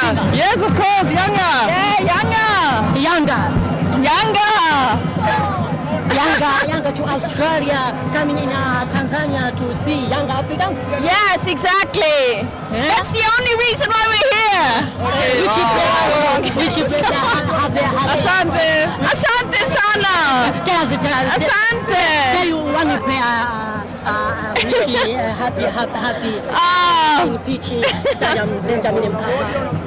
Simba? Yes, of course, Yanga. Yeah, Yanga. Yanga. Yanga. Yanga, Yanga to Australia, coming in uh, Tanzania to see young Africans. Yes, exactly. Yeah? That's the only reason why we're here. Okay. Which is better. Which is better. Asante. Asante sana. sana. Asante. Tell you one uh, uh, uh, uh, happy, happy, happy. Uh,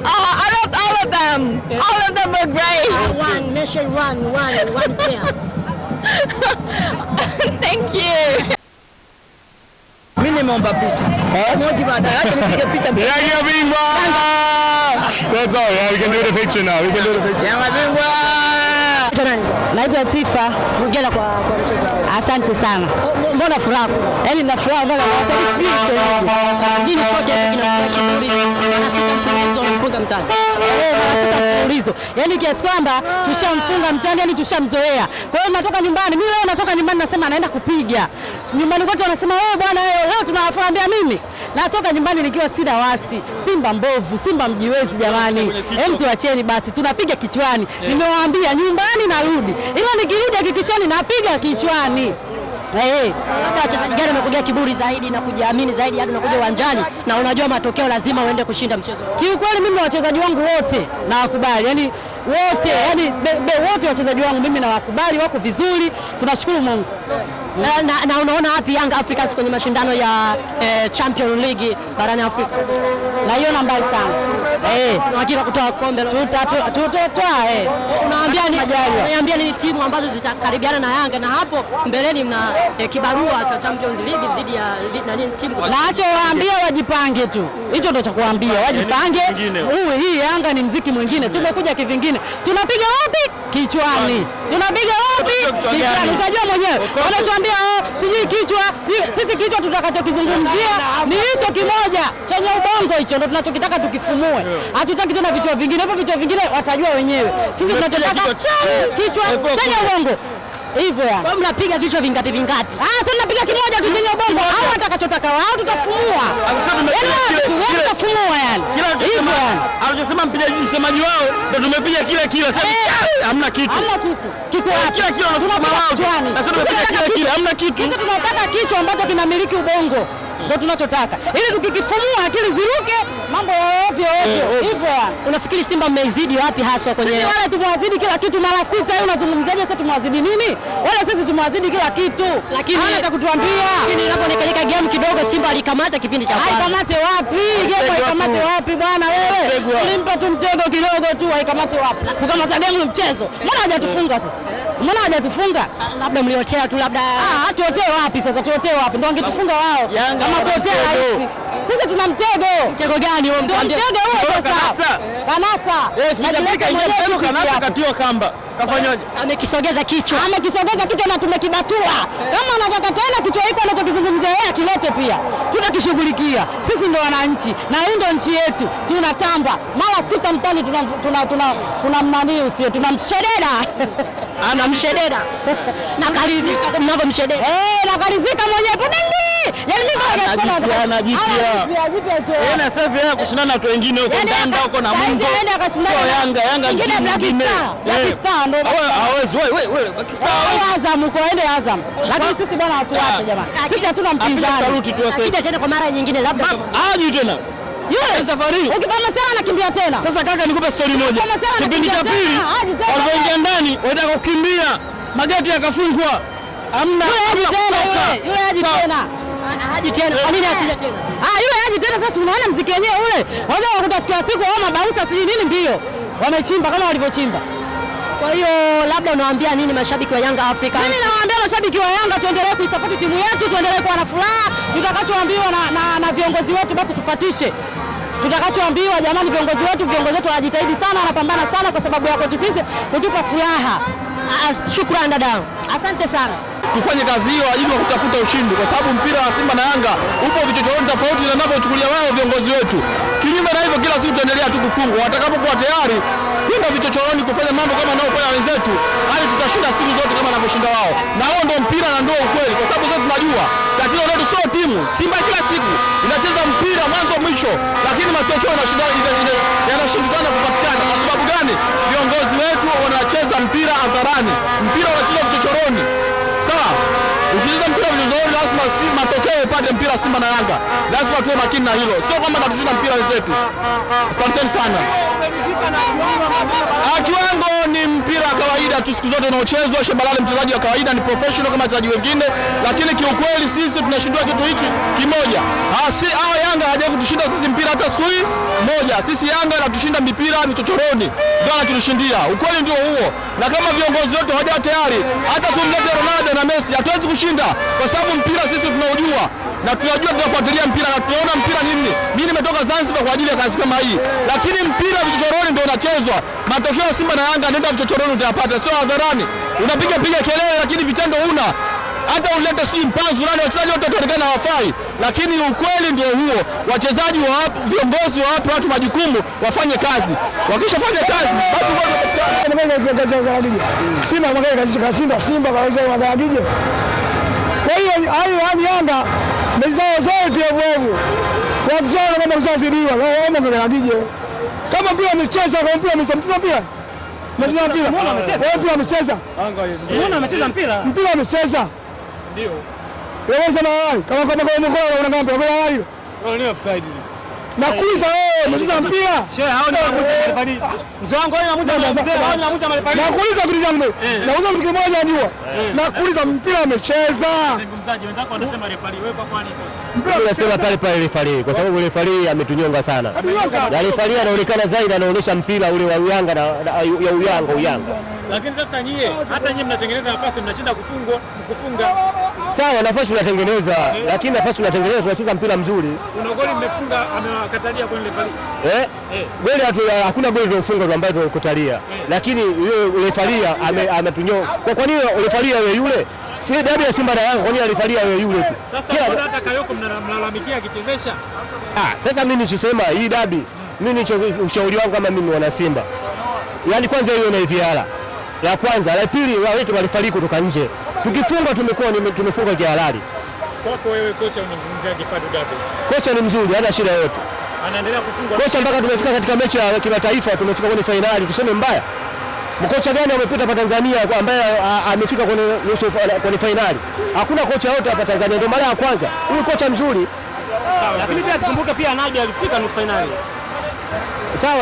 Oh, I loved all of them. All of them were great. Uh, one, one, one, one prayer. Thank you. Mimi nimeomba picha. Moji baada yake nipige picha. ya bingwa. That's all. Yeah, we can do the picture now. We can do the picture. Yeah, Unaitwa nani? Naitwa Tifa. Hongera kwa kwa mchezo Asante sana. Mbona furaha kubwa? Yaani na furaha mbona mfululizo. Eh, yaani kiasi kwamba tushamfunga mtani, yani tushamzoea. Kwa hiyo natoka nyumbani, mimi leo natoka nyumbani nasema naenda kupiga. Nyumbani kwetu wanasema wewe bwana, leo tunawafuambia mimi natoka nyumbani nikiwa sina wasi. Simba mbovu, Simba mjiwezi jamani, hem, tuacheni basi, tunapiga kichwani yeah. Nimewaambia nyumbani narudi, ila nikirudi hakikishani napiga kichwani. Hey, wachezaji kiburi zaidi na kujiamini zaidi hadi unakuja uwanjani na unajua matokeo lazima uende kushinda mchezo. Kiukweli mimi na wachezaji wangu wote na wakubali. Yaani wote yani be, be, wote wachezaji wangu mimi nawakubali, wako vizuri, tunashukuru Mungu. Na, na, na unaona wapi Young Africans kwenye mashindano ya eh, Champion League barani Afrika? Na hiyo nambari sana hakika eh, kutoa kombe tutatoa. Eh, unaambia ni ni timu ambazo zitakaribiana na Yanga na hapo mbeleni mna eh, kibarua cha Champions League dhidi ya nani timu. Nacho waambie wajipange tu, hicho ndio cha kuambia wajipange. Huu hii Yanga ni mziki mwingine, tumekuja kivingine. Tunapiga wapi? Kichwani. Tunapiga wapi? Yaani, utajua mwenyewe. Wanatuambia oh, sijui kichwa, sisi kichwa tutakachokizungumzia ni hicho kimoja chenye ubongo, hicho ndo tunachokitaka tukifumue. Hatutaki tena vichwa vingine, hivyo vichwa vingine watajua wenyewe. Sisi tunachotaka kichwa chenye ubongo hivyo ya. Kwa mnapiga vichwa vingapi vingapi? Ah, sasa mnapiga kimoja tu chenye ubongo. Hao watakachotaka wao tutafumua. Tutafumua yaani yani. Hivyo ya. Alichosema mpigaji msemaji wao ndio tumepiga kile kile Sasa eh. hamna kitu. Hamna kitu. Kiko eh, wapi? Kila kile wanasema wao. Sasa tumepiga kile kile, Hamna kitu. Sisi tunataka kichwa ambacho kinamiliki ubongo ndio tunachotaka, ili tukikifumua akili ziruke mambo ya ovyo ovyo eh, hivyo. Unafikiri Simba mmeizidi wapi haswa kwenye wale? Tumewazidi kila kitu mara sita. Wewe unazungumzaje? sasa? Tumewazidi nini? Wala sisi tumewazidi kila kitu, lakini hana cha kutuambia. Lakini inaponekeleka game kidogo, Simba alikamata kipindi cha kwanza. Haikamate wapi game? Haikamate wapi bwana? Wewe ulimpa tu mtego kidogo tu, haikamate wapi? Kukamata game mchezo, mbona hajatufunga sasa? Mbona hawajatufunga? Ah, labda mliotea tu, labda Ah, tuotee wapi sasa? Tuotee wapi? Ndio wangetufunga wao, kama tuotee hapo. Sasa tuna mtego. Mtego gani huo? Mtego huo sasa, kanasa kanasa Eh, katiwa kamba kafanyaje? Amekisogeza kichwa, amekisogeza kichwa na tumekibatua. Kama anataka tena kichwa hiko anachokizungumzia yeye akilete pia, tutakishughulikia. Sisi ndio wananchi na hii ndio nchi yetu, tunatamba mara sita mtani, tuna mnanii usio tunamshededa anamshedera nakaridhika mnavyomshedera eh, nakaridhika mwenyewe yaani na safi ya kushindana watu wengine huko Ndanda yaani huko na Mungu. Sio Yanga Yanga nyingine eh. hawezi wewe wewe Pakistan. Azam uko aende Azam, lakini sisi bwana watu wapi ah. jamani, sisi hatuna mpinzani. Akija tena kwa mara nyingine labda aje tena yule safari. Ukipanda sana anakimbia tena. Sasa kaka, nikupe story moja. Kipindi cha pili walipoingia ndani walitaka kukimbia, mageti yakafungwa. Amna Yule aje tena. yule Haji tena. Kwa nini asije tena. Ah, yule haji tena sasa unaona mziki wenyewe ule. waza wakuta siku ya siku wao mabausa sijui nini mbio. Wamechimba kama walivyochimba. Kwa hiyo labda unawaambia nini mashabiki wa Yanga Afrika? Mimi nawaambia mashabiki wa Yanga tuendelee kuisapoti timu yetu, tuendelee kuwa na furaha. Tutakachoambiwa na, na, na viongozi wetu basi tufatishe. Tutakachoambiwa jamani, viongozi wetu, viongozi wetu wanajitahidi sana, wanapambana sana kwa sababu ya kwetu sisi kutupa furaha. Shukrani dadangu, asante sana. Tufanye kazi hiyo ajili ya kutafuta ushindi, kwa sababu mpira wa Simba na Yanga upo vichochoroni tofauti na ninavyochukulia wao viongozi wetu. Kinyume na hivyo, kila siku tutaendelea tu kufungwa. Watakapokuwa tayari kwenda vichochoroni kufanya mambo kama wanaofanya wenzetu, hali tutashinda siku zote kama wanavyoshinda wao, na huo ndio mpira na ndio ukweli, kwa sababu zote tunajua Tatizo letu sio timu. Simba kila siku inacheza mpira mwanzo mwisho, lakini matokeo yanashindikana kupatikana. Kwa sababu gani? Viongozi wetu wanacheza mpira hadharani, mpira wanacheza vichochoroni. Sawa, ukicheza mpira vichochoroni, lazima si matokeo upate mpira. Simba na Yanga lazima tuwe makini na hilo, sio kwamba tunacheza mpira wenzetu. Asanteni sana. Akiwango wetu siku zote unaochezwa. Shabalala mchezaji wa kawaida, ni professional kama wachezaji wengine, lakini kiukweli sisi tunashindwa kitu hiki kimoja. Si hawa Yanga hawajawahi kutushinda sisi mpira hata siku hii moja. Sisi Yanga anatushinda mipira michochoroni, ndio anatushindia. Ukweli ndio huo, na kama viongozi wote hawajawa tayari hata kumleta Ronaldo na Messi, hatuwezi kushinda kwa sababu mpira sisi tunaujua na tunajua tunafuatilia mpira na tunaona mpira nini. Mimi nimetoka Zanzibar kwa ajili ya kazi kama hii, lakini mpira vichochoroni ndio unachezwa. Matokeo ya Simba na Yanga nenda vichochoroni utayapata, sio hadharani. Unapiga piga kelele, lakini vitendo una hata ulete sijui mpanzu nani, wachezaji wote wataonekana hawafai, lakini ukweli ndio huo. Wachezaji wa hapo, viongozi wa hapo, watu majukumu, wafanye kazi. Wakishafanya kazi basi Simba Simba Simba kwa hiyo Yanga mizao zote ovu wakiona kama kushazidiwa kwa kakaatije kama pia amecheza kwa mpira amecheza mpira amecheza mpira mpira amecheza mpira mpira amecheza ndio yaweza na awali kama kama kwa mkono unakwambia kwa awali ni offside Nakuuliza wewe unacheza mpira? Nakuuliza kitu changu Nauza kitu kimoja njua. Eh. Nakuuliza mpira amecheza. Nasema pale pale refari kwa sababu refari ametunyonga sana. Na refari anaonekana zaidi anaonyesha mpira ule wa Uyanga na ya Uyanga Uyanga lakini sasa nyie hata nyie mnatengeneza nafasi mnashinda kufungwa kufunga. Sawa, nafasi tunatengeneza yeah. Lakini nafasi tunatengeneza, tunacheza mpira mzuri. Kuna goli mmefunga amewakatalia kwenye refari eh? yeah. Goli hatu, hakuna goli tulofunga ambayo tunakutalia yeah. Lakini yule refaria ametunyoa ame kwa nini refaria yule yule Si dabi ya Simba na Yanga, kwa nini alifalia wewe yule tu? Sasa hata Kayoko mnalalamikia akichezesha. Ah, sasa mimi nichosema hii dabi, mimi nicho ushauri wangu kama mimi wana Simba. Yaani kwanza hiyo na hivi hala la kwanza, la pili la wetu walifariki kutoka nje. Tukifunga tumekuwa tumefunga kihalali. Kwako wewe kocha unamzungumziaje Fadu Davis? Kocha ni mzuri, hana shida yoyote. Anaendelea kufunga. Kocha mpaka tumefika katika mechi ya kimataifa, tumefika kwenye fainali, tuseme mbaya. Mkocha gani amepita hapa Tanzania ambaye amefika kwenye nusu kwenye fainali? Hakuna kocha yote hapa Tanzania, ndio mara ya kwanza. Huyu kocha mzuri. Lakini pia tukumbuke pia Ronaldo alifika nusu fainali. Sawa,